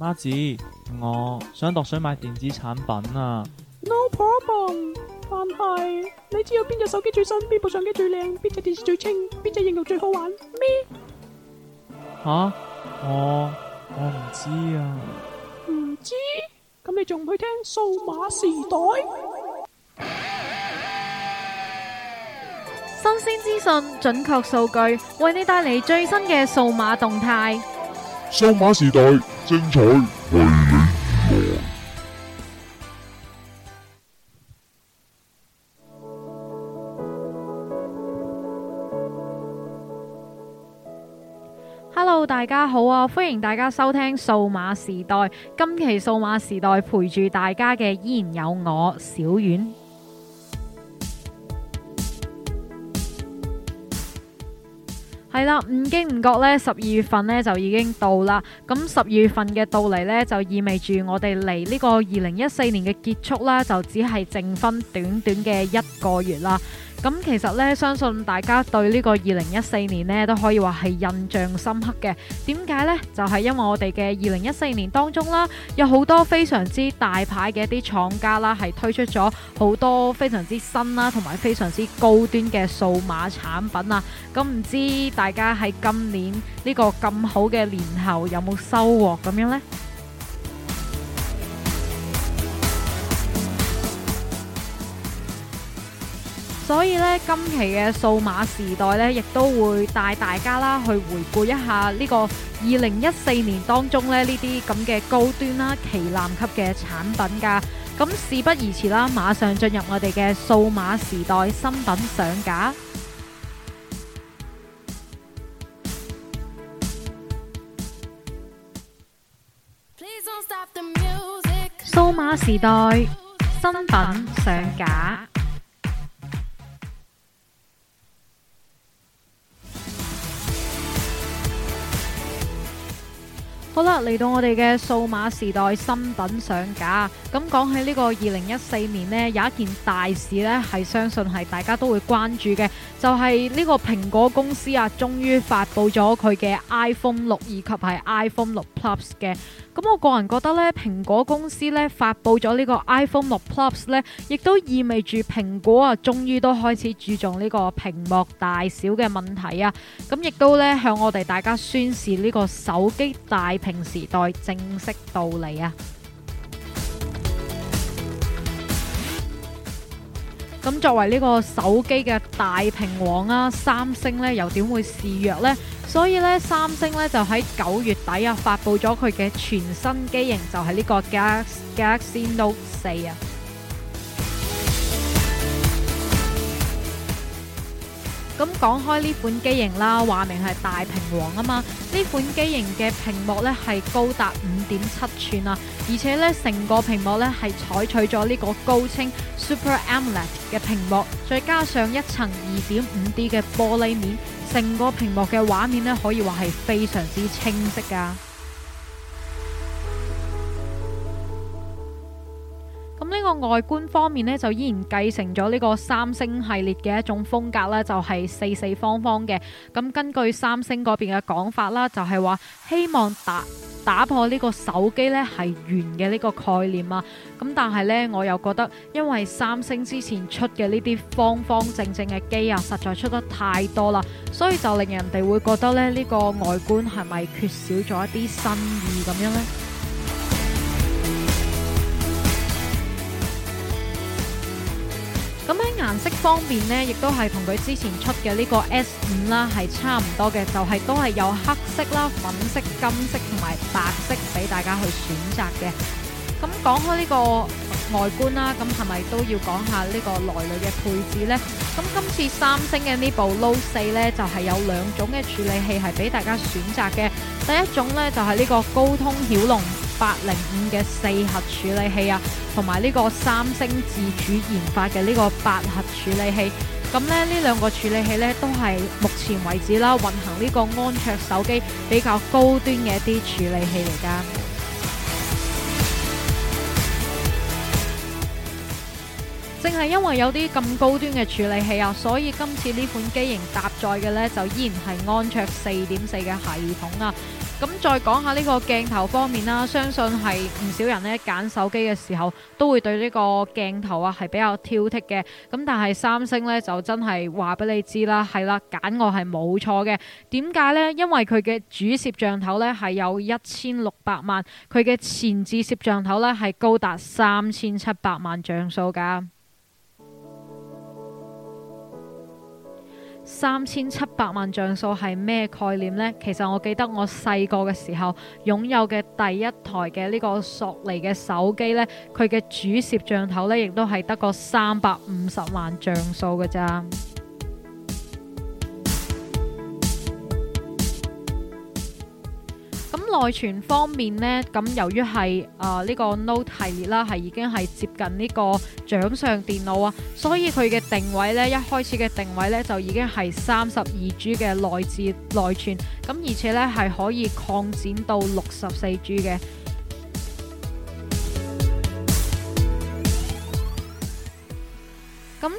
媽子，我想度水買電子產品啊！No problem，但係你知有邊隻手機最新，邊部相機最靚，邊隻電視最清，邊隻應用最好玩咩？吓、啊，我我唔知啊，唔知？咁你仲唔去聽數碼時代？新鮮資訊，準確數據，為你帶嚟最新嘅數碼動態。數碼時代，精彩為你而來。Hello，大家好啊！歡迎大家收聽數碼時代，今期數碼時代陪住大家嘅依然有我小丸。係啦，唔經唔覺咧，十二月份咧就已經到啦。咁十二月份嘅到嚟咧，就意味住我哋嚟呢個二零一四年嘅結束啦，就只係剩返短短嘅一個月啦。咁其實呢，相信大家對呢個二零一四年呢都可以話係印象深刻嘅。點解呢？就係、是、因為我哋嘅二零一四年當中啦，有好多非常之大牌嘅一啲廠家啦，係推出咗好多非常之新啦，啊，同埋非常之高端嘅數碼產品啊。咁、嗯、唔知大家喺今年呢個咁好嘅年後有冇收穫咁樣呢？所以咧，今期嘅數碼時代咧，亦都會帶大家啦去回顧一下呢個二零一四年當中咧呢啲咁嘅高端啦、啊、旗艦級嘅產品噶、啊。咁事不宜遲啦，馬上進入我哋嘅數碼時代新品上架。Please don't stop the music。數碼時代新品上架。好啦，嚟到我哋嘅數碼時代新品上架，咁講起呢個二零一四年咧，有一件大事咧，係相信係大家都會關注嘅，就係呢個蘋果公司啊，終於發佈咗佢嘅 iPhone 六以及係 iPhone 六 Plus 嘅。咁我個人覺得咧，蘋果公司咧發佈咗呢個 iPhone 六 Plus 咧，亦都意味住蘋果啊，終於都開始注重呢個屏幕大小嘅問題啊。咁亦都咧向我哋大家宣示呢個手機大屏。屏時代正式到嚟啊！咁作為呢個手機嘅大屏王啦，三星呢又點會示弱呢？所以呢，三星呢就喺九月底啊，發布咗佢嘅全新機型，就係、是、呢個 Galaxy Note 四啊！咁講開呢款機型啦，話明係大屏王啊嘛。呢款機型嘅屏幕呢係高達五點七吋啊，而且呢成個屏幕呢係採取咗呢個高清 Super AMOLED 嘅屏幕，再加上一層二點五 D 嘅玻璃面，成個屏幕嘅畫面呢可以話係非常之清晰噶。呢個外觀方面呢，就依然繼承咗呢個三星系列嘅一種風格啦，就係四四方方嘅。咁根據三星嗰邊嘅講法啦，就係話希望打打破呢個手機呢係圓嘅呢個概念啊。咁但係呢，我又覺得因為三星之前出嘅呢啲方方正正嘅機啊，實在出得太多啦，所以就令人哋會覺得咧呢個外觀係咪缺少咗一啲新意咁樣呢？顏色方面呢，亦都係同佢之前出嘅呢個 S 五啦係差唔多嘅，就係、是、都係有黑色啦、粉色、金色同埋白色俾大家去選擇嘅。咁、嗯、講開呢個外觀啦，咁係咪都要講下呢個內裏嘅配置呢？咁今次三星嘅呢部 Note 四咧，就係、是、有兩種嘅處理器係俾大家選擇嘅，第一種呢，就係、是、呢個高通驍龍。八零五嘅四核處理器啊，同埋呢個三星自主研發嘅呢個八核處理器，咁咧呢兩個處理器呢，都係目前為止啦，運行呢個安卓手機比較高端嘅一啲處理器嚟噶。淨係因為有啲咁高端嘅處理器啊，所以今次呢款機型搭載嘅呢，就依然係安卓四點四嘅系統啊。咁，嗯，再講下呢個鏡頭方面啦，啊，相信係唔少人呢揀手機嘅時候都會對呢個鏡頭啊係比較挑剔嘅。咁但係三星呢，就真係話俾你知啦，係啦，揀我係冇錯嘅。點解呢？因為佢嘅主攝像頭呢係有一千六百萬，佢嘅前置攝像頭呢係高達三千七百萬像素噶。三千七百萬像素係咩概念呢？其實我記得我細個嘅時候擁有嘅第一台嘅呢個索尼嘅手機呢佢嘅主攝像頭呢亦都係得個三百五十萬像素㗎咋。咁內存方面呢，咁由於係啊呢個 Note 系列啦，係已經係接近呢個掌上電腦啊，所以佢嘅定位呢，一開始嘅定位呢，就已經係三十二 G 嘅內置內存，咁而且呢，係可以擴展到六十四 G 嘅。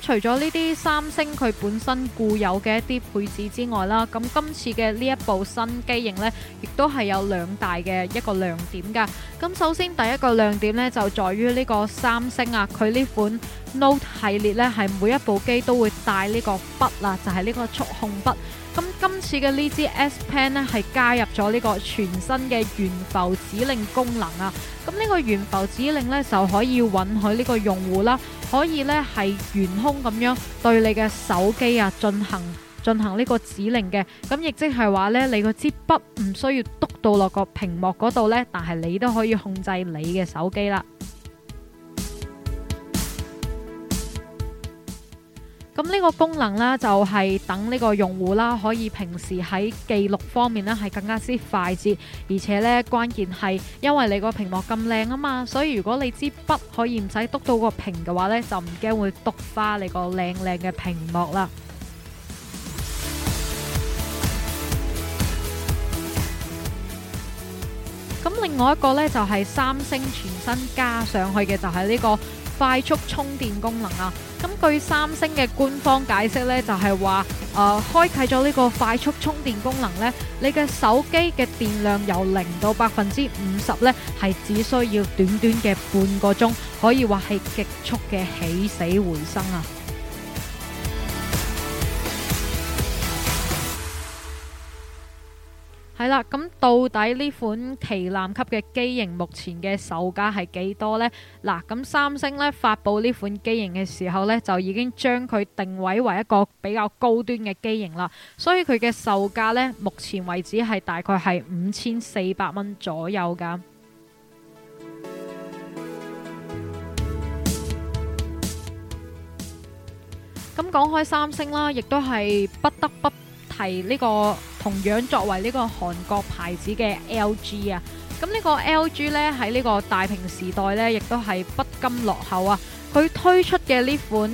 除咗呢啲三星佢本身固有嘅一啲配置之外啦，咁今次嘅呢一部新機型咧，亦都係有兩大嘅一個亮點噶。咁首先第一個亮點咧，就在於呢個三星啊，佢呢款 Note 系列咧，係每一部機都會帶呢個筆啦，就係、是、呢個觸控筆。今次嘅呢支 S Pen 呢係加入咗呢個全新嘅懸浮指令功能啊！咁呢個懸浮指令呢，就可以允許呢個用戶啦，可以呢係懸空咁樣對你嘅手機啊進行進行呢個指令嘅。咁亦即係話呢，你個支筆唔需要篤到落個屏幕嗰度呢，但係你都可以控制你嘅手機啦。咁呢個功能啦，就係等呢個用戶啦，可以平時喺記錄方面呢係更加之快捷，而且呢，關鍵係，因為你個屏幕咁靚啊嘛，所以如果你支筆可以唔使篤到個屏嘅話呢，就唔驚會篤花你個靚靚嘅屏幕啦。咁 另外一個呢，就係、係、三星全新加上去嘅，就係呢、呢個。快速充電功能啊！咁據三星嘅官方解釋呢，就係話，誒，開啟咗呢個快速充電功能呢，你嘅手機嘅電量由零到百分之五十呢，係只需要短短嘅半個鐘，可以話係極速嘅起死回生啊！係啦，咁到底呢款旗艦級嘅機型目前嘅售價係幾多呢？嗱，咁三星呢發布呢款機型嘅時候呢，就已經將佢定位為一個比較高端嘅機型啦，所以佢嘅售價呢，目前為止係大概係五千四百蚊左右噶。咁 講開三星啦，亦都係不得不。係呢個同樣作為呢個韓國牌子嘅 LG 啊，咁呢個 LG 呢，喺呢個大屏時代呢，亦都係不甘落後啊！佢推出嘅呢款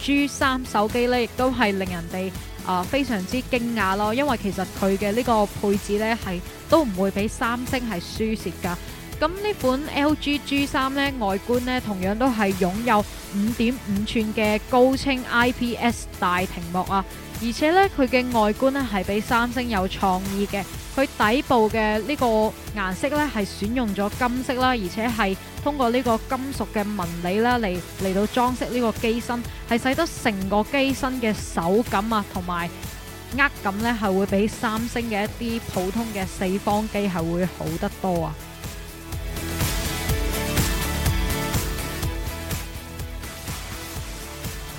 G 三手機呢，亦都係令人哋啊、呃、非常之驚訝咯，因為其實佢嘅呢個配置呢，係都唔會比三星係輸蝕噶。咁呢款 LG G 三呢，外觀呢，同樣都係擁有五點五寸嘅高清 IPS 大屏幕啊。而且呢，佢嘅外觀呢，係比三星有創意嘅。佢底部嘅呢個顏色呢，係選用咗金色啦，而且係通過呢個金屬嘅紋理啦嚟，嚟到裝飾呢個機身，係使得成個機身嘅手感啊同埋握感呢，係會比三星嘅一啲普通嘅四方機係會好得多啊！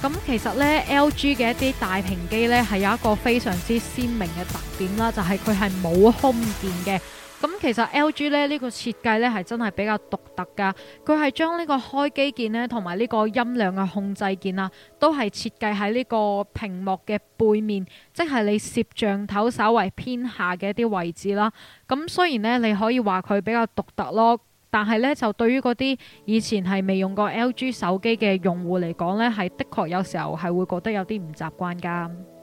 咁其實呢 l g 嘅一啲大屏機呢，係有一個非常之鮮明嘅特點啦，就係佢係冇空 o 嘅。咁其實 LG 咧呢、這個設計呢，係真係比較獨特噶，佢係將呢個開機鍵呢，同埋呢個音量嘅控制鍵啊，都係設計喺呢個屏幕嘅背面，即、就、係、是、你攝像頭稍為偏下嘅一啲位置啦。咁雖然呢，你可以話佢比較獨特咯。但係呢，就對於嗰啲以前係未用過 LG 手機嘅用戶嚟講呢，係的確有時候係會覺得有啲唔習慣噶。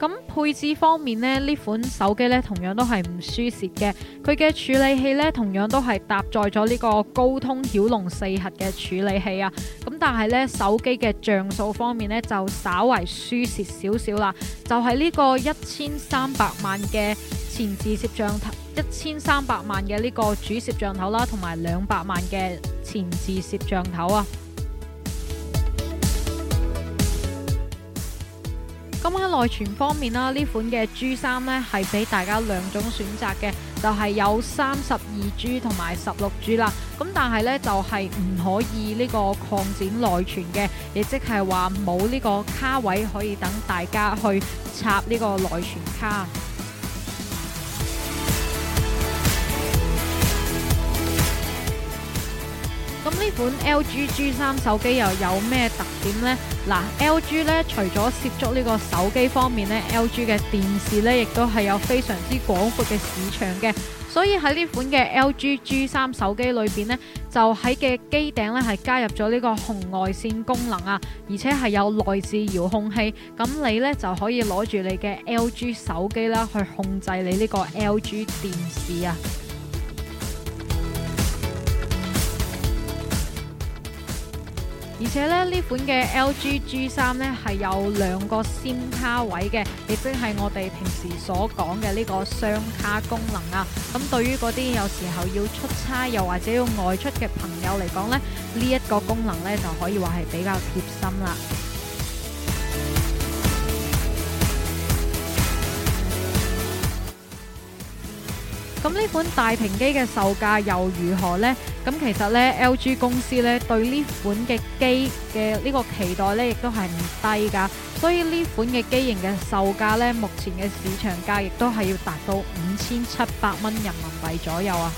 咁配置方面呢，呢款手機呢同樣都係唔輸蝕嘅。佢嘅處理器呢同樣都係搭載咗呢個高通驍龍四核嘅處理器啊。咁但係呢手機嘅像素方面呢，就稍為輸蝕少少啦。就係呢個一千三百萬嘅前置攝像頭，一千三百萬嘅呢個主攝像頭啦，同埋兩百萬嘅前置攝像頭啊。咁喺內存方面啦，呢款嘅 G 三呢係俾大家兩種選擇嘅，就係有三十二 G 同埋十六 G 啦。咁但係呢，就係唔可以呢個擴展內存嘅，亦即係話冇呢個卡位可以等大家去插呢個內存卡。咁呢 款 LG G 三手機又有咩特點呢？嗱，LG 咧除咗涉足呢個手機方面咧，LG 嘅電視咧亦都係有非常之廣闊嘅市場嘅，所以喺呢款嘅 LG G3 手機裏邊呢，就喺嘅機頂咧係加入咗呢個紅外線功能啊，而且係有內置遙控器，咁你咧就可以攞住你嘅 LG 手機啦去控制你呢個 LG 電視啊。而且咧呢款嘅 LG G 三，呢，係有兩個 SIM 卡位嘅，亦即係我哋平時所講嘅呢個雙卡功能啊。咁對於嗰啲有時候要出差又或者要外出嘅朋友嚟講呢，呢一個功能呢，就可以話係比較貼心啦。咁呢款大屏機嘅售價又如何呢？咁其實呢，LG 公司呢對呢款嘅機嘅呢個期待呢，亦都係唔低噶。所以呢款嘅機型嘅售價呢，目前嘅市場價亦都係要達到五千七百蚊人民幣左右啊。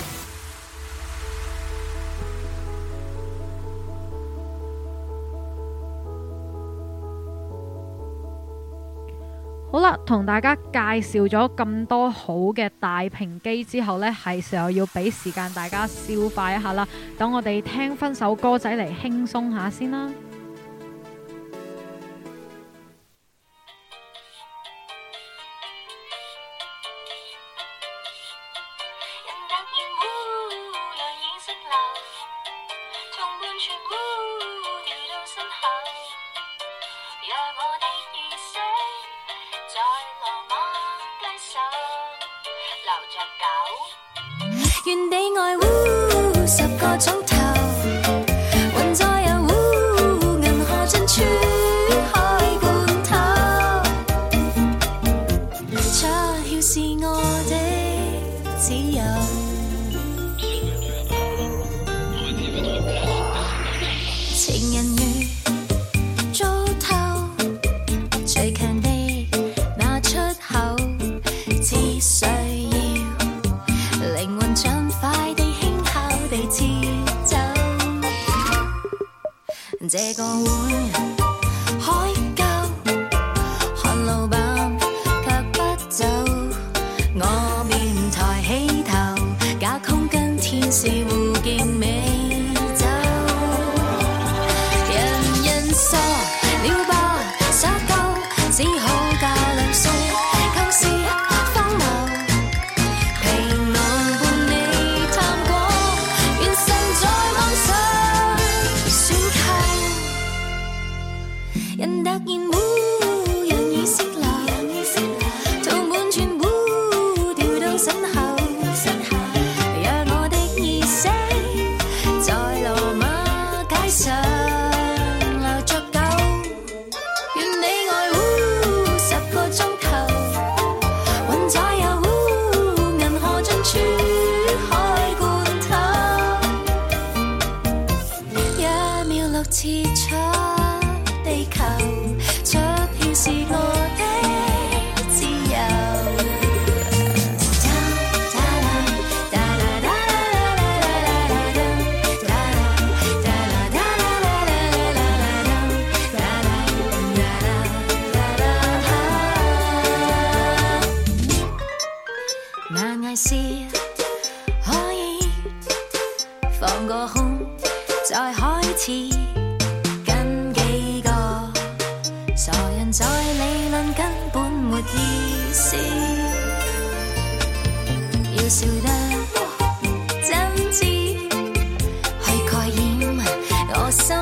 好啦，同大家介紹咗咁多好嘅大屏機之後呢，係時候要俾時間大家消化一下啦。等我哋聽翻首歌仔嚟輕鬆下先啦。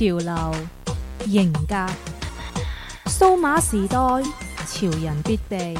潮流型格，數碼時代潮人必備。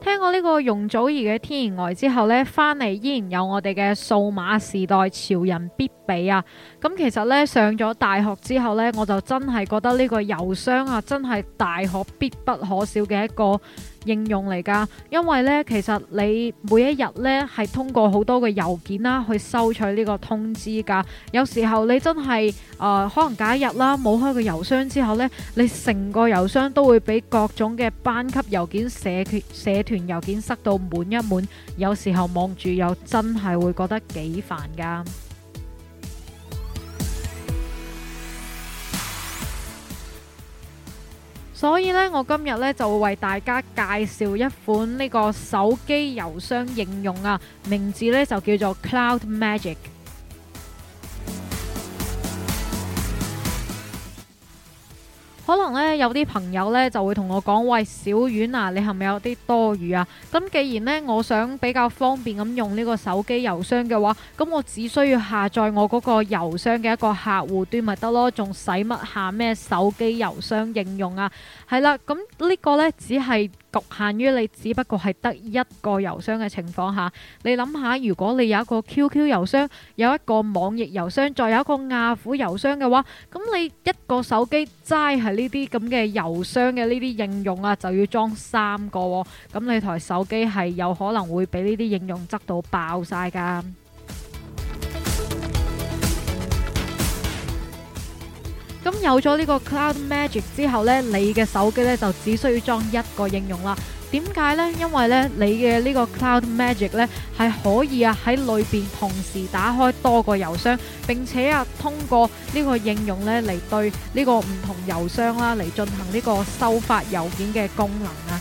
聽過呢個容祖兒嘅《天然呆》之後呢，翻嚟依然有我哋嘅數碼時代潮人必。啊！咁、嗯、其實咧，上咗大學之後呢，我就真係覺得呢個郵箱啊，真係大學必不可少嘅一個應用嚟噶。因為呢，其實你每一日呢，係通過好多嘅郵件啦，去收取呢個通知噶。有時候你真係誒、呃，可能假一日啦，冇開個郵箱之後呢，你成個郵箱都會俾各種嘅班級郵件、社團、社團郵件塞到滿一滿。有時候望住又真係會覺得幾煩噶。所以呢，我今日呢，就會為大家介紹一款呢個手機郵箱應用啊，名字呢，就叫做 CloudMagic。可能咧有啲朋友咧就會同我講：喂，小丸啊，你係咪有啲多餘啊？咁既然呢，我想比較方便咁用呢個手機郵箱嘅話，咁我只需要下載我嗰個郵箱嘅一個客戶端咪得咯，仲使乜下咩手機郵箱應用啊？係啦，咁呢個呢，只係。局限於你只不過係得一個郵箱嘅情況下，你諗下，如果你有一個 QQ 郵箱、有一個網易郵箱、再有一個亞虎郵箱嘅話，咁你一個手機齋係呢啲咁嘅郵箱嘅呢啲應用啊，就要裝三個喎、哦，咁你台手機係有可能會俾呢啲應用執到爆晒㗎。有咗呢個 Cloud Magic 之後，呢你嘅手機呢就只需要裝一個應用啦。點解呢？因為呢你嘅呢個 Cloud Magic 呢係可以啊喺裏邊同時打開多個郵箱，並且啊通過呢個應用呢嚟對呢個唔同郵箱啦嚟進行呢個收發郵件嘅功能啊。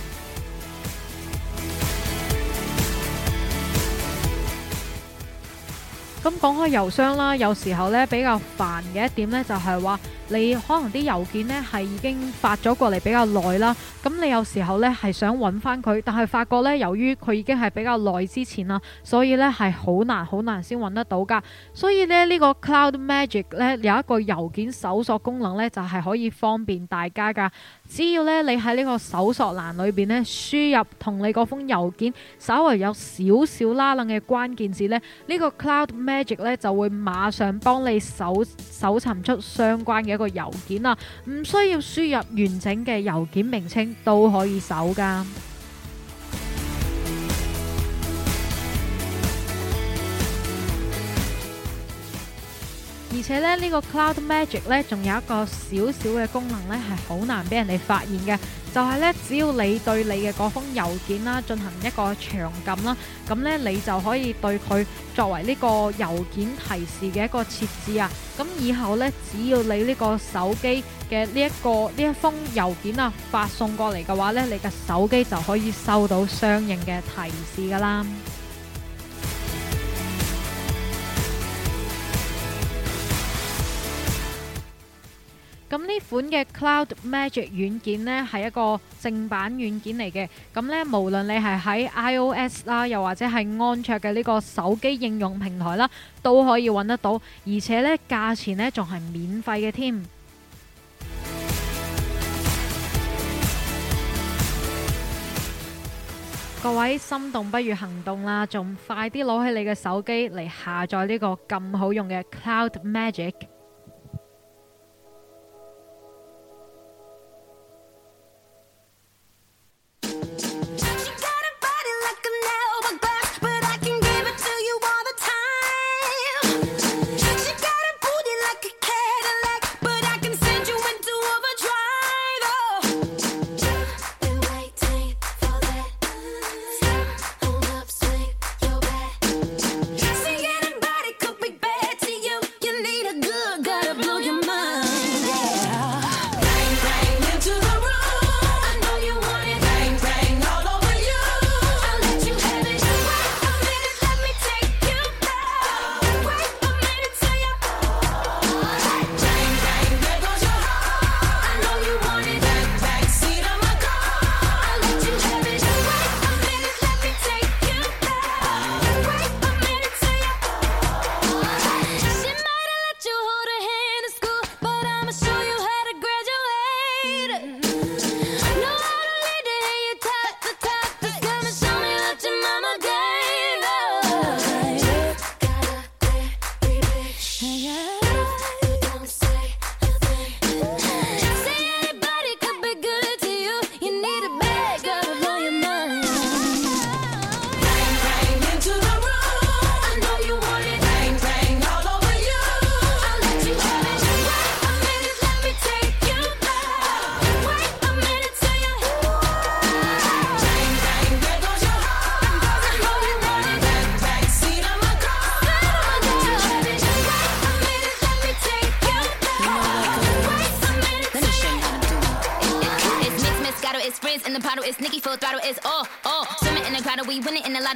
咁講開郵箱啦，有時候呢比較煩嘅一點呢就係話。你可能啲郵件咧，係已經發咗過嚟比較耐啦，咁你有時候咧，係想揾翻佢，但係發覺咧，由於佢已經係比較耐之前啦，所以咧，係好難好難先揾得到噶。所以咧，呢個 Cloud Magic 咧，有一個郵件搜索功能咧，就係可以方便大家噶。只要咧，你喺呢個搜索欄裏邊咧，輸入同你嗰封郵件稍微有少少啦楞嘅關鍵字咧，呢個 Cloud Magic 咧就會馬上幫你搜搜尋出相關嘅個郵件啊，唔需要輸入完整嘅郵件名稱，都可以搜噶。而且咧，呢個 Cloud Magic 咧，仲有一個少少嘅功能咧，係好難俾人哋發現嘅，就係咧，只要你對你嘅嗰封郵件啦，進行一個長撳啦，咁咧，你就可以對佢作為呢個郵件提示嘅一個設置啊，咁以後咧，只要你呢個手機嘅呢一個呢一封郵件啊，發送過嚟嘅話咧，你嘅手機就可以收到相應嘅提示㗎啦。咁呢款嘅 Cloud Magic 軟件呢，係一個正版軟件嚟嘅。咁呢，無論你係喺 iOS 啦，又或者係安卓嘅呢個手機應用平台啦，都可以揾得到。而且呢，價錢呢仲係免費嘅添。 各位，心動不如行動啦，仲快啲攞起你嘅手機嚟下載呢個咁好用嘅 Cloud Magic。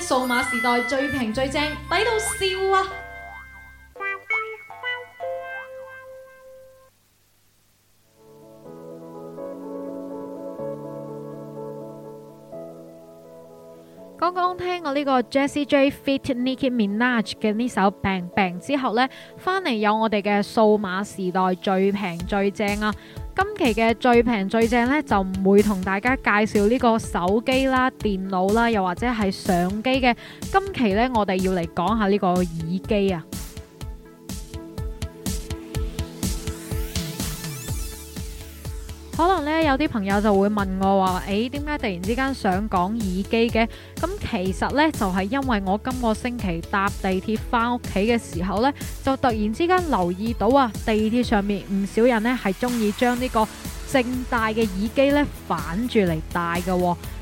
數碼時代最平最正，抵到笑啊！剛剛聽過呢個 Jessie J feat Nicki Minaj 嘅呢首《Bang Bang》之後呢，翻嚟有我哋嘅數碼時代最平最正啊！今期嘅最平最正呢，就唔會同大家介紹呢個手機啦、電腦啦，又或者係相機嘅。今期呢，我哋要嚟講下呢個耳機啊。可能咧，有啲朋友就會問我話：誒，點解突然之間想講耳機嘅？咁其實呢，就係因為我今個星期搭地鐵翻屋企嘅時候呢，就突然之間留意到啊，地鐵上面唔少人呢係中意將呢個正戴嘅耳機呢反住嚟戴嘅。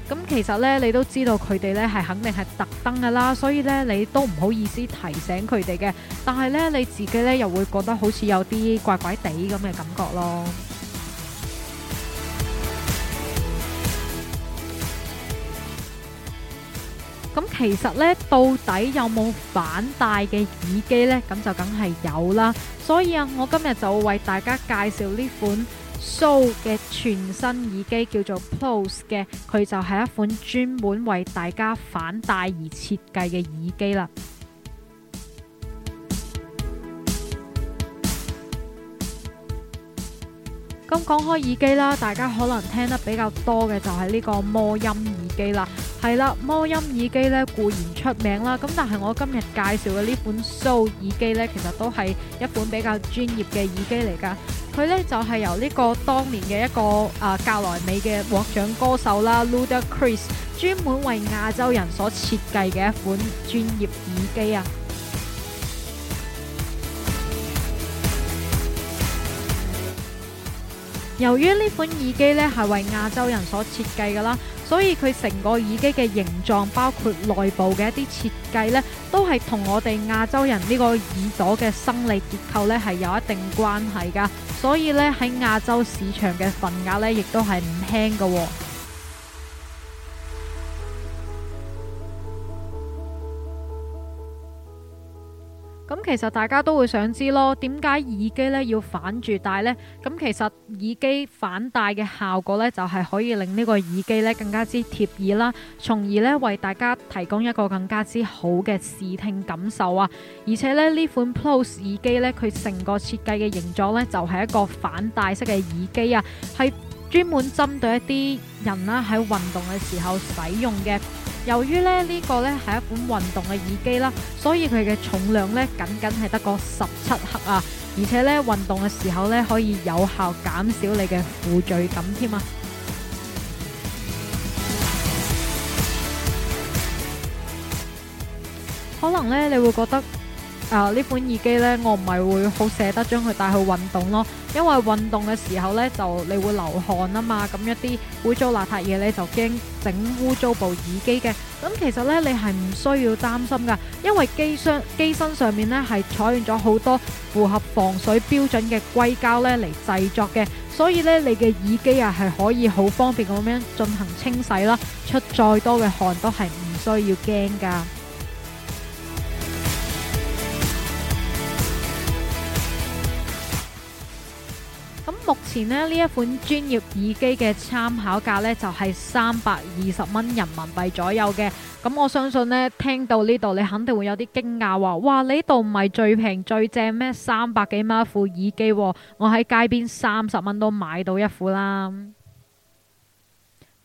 咁其實呢，你都知道佢哋呢係肯定係特登噶啦，所以呢，你都唔好意思提醒佢哋嘅。但係呢，你自己呢又會覺得好似有啲怪怪地咁嘅感覺咯。其實咧，到底有冇反戴嘅耳機呢？咁就梗係有啦。所以啊，我今日就為大家介紹呢款 Soul 嘅全新耳機，叫做 Close 嘅，佢就係一款專門為大家反戴而設計嘅耳機啦。咁講開耳機啦，大家可能聽得比較多嘅就係呢個魔音耳機啦。係啦，魔音耳機呢固然出名啦，咁但係我今日介紹嘅呢款 Soul 耳機呢，其實都係一款比較專業嘅耳機嚟㗎。佢呢就係由呢個當年嘅一個啊格萊美嘅獲獎歌手啦，Luda Chris，專門為亞洲人所設計嘅一款專業耳機啊。由於呢款耳機呢係為亞洲人所設計㗎啦，所以佢成個耳機嘅形狀，包括內部嘅一啲設計呢，都係同我哋亞洲人呢個耳朵嘅生理結構呢係有一定關係噶，所以呢，喺亞洲市場嘅份額呢，亦都係唔輕㗎喎。其實大家都會想知咯，點解耳機咧要反住戴呢？咁其實耳機反戴嘅效果咧，就係可以令呢個耳機咧更加之貼耳啦，從而咧為大家提供一個更加之好嘅視聽感受啊！而且咧呢款 Pro 耳機咧，佢成個設計嘅形狀咧就係一個反戴式嘅耳機啊，係專門針對一啲人啦喺運動嘅時候使用嘅。由於咧呢個咧係一款運動嘅耳機啦，所以佢嘅重量咧僅僅係得個十七克啊，而且呢，運動嘅時候咧可以有效減少你嘅負罪感添啊，可能呢，你會覺得。啊！呢、呃、款耳機呢，我唔係會好捨得將佢帶去運動咯，因為運動嘅時候呢，就你會流汗啊嘛，咁一啲污糟邋遢嘢呢就驚整污糟部耳機嘅。咁其實呢，你係唔需要擔心噶，因為機身機身上面呢，係採用咗好多符合防水標準嘅硅膠呢嚟製作嘅，所以呢，你嘅耳機啊係可以好方便咁樣進行清洗啦，出再多嘅汗都係唔需要驚噶。目前呢，呢一款專業耳機嘅參考價呢就係三百二十蚊人民幣左右嘅。咁、嗯、我相信呢聽到呢度你肯定會有啲驚訝話，哇！你呢度唔係最平最正咩？三百幾蚊一副耳機喎，我喺街邊三十蚊都買到一副啦。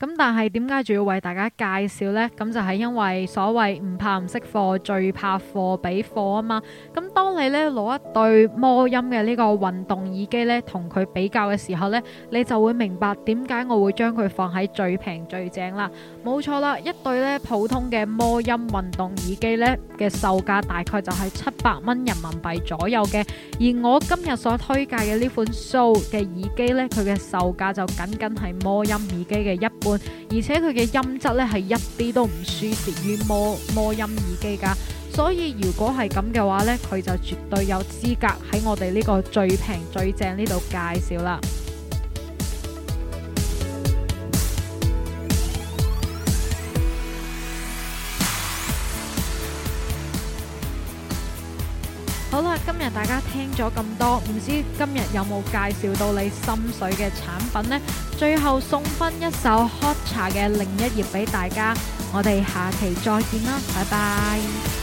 咁但係點解仲要為大家介紹呢？咁就係因為所謂唔怕唔識貨，最怕貨比貨啊嘛！咁當你咧攞一對魔音嘅呢個運動耳機咧，同佢比較嘅時候呢，你就會明白點解我會將佢放喺最平最正啦。冇錯啦，一對咧普通嘅魔音運動耳機咧嘅售價大概就係七百蚊人民幣左右嘅，而我今日所推介嘅呢款 Soul 嘅耳機呢，佢嘅售價就僅僅係魔音耳機嘅一半。而且佢嘅音質咧係一啲都唔輸蝕於魔魔音耳機噶，所以如果係咁嘅話呢，佢就絕對有資格喺我哋呢個最平最正呢度介紹啦。大家聽咗咁多，唔知今日有冇介紹到你心水嘅產品呢？最後送返一首《喝茶》嘅另一頁俾大家，我哋下期再見啦，拜拜。